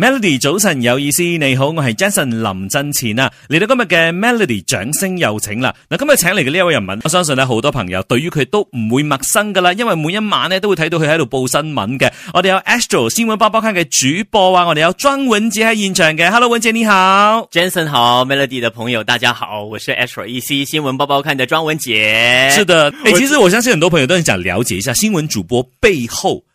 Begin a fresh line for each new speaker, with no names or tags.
Melody 早晨有意思，你好，我是 Jason 林振前啊，嚟到今日嘅 Melody 掌聲有請啦。嗱，今日請嚟嘅呢位人物，我相信呢好多朋友對於佢都唔會陌生噶啦，因為每一晚呢都會睇到佢喺度報新聞嘅。我哋有 Astro 新聞包包看嘅主播啊，我
哋有莊文傑喺現場嘅。Hello 文傑，你好，Jason 好，Melody 嘅朋友大家好，我是 Astro EC 新聞包包看嘅莊文傑。是的，誒、欸，其實
我相信很多朋友都想了解一下新聞主播背後。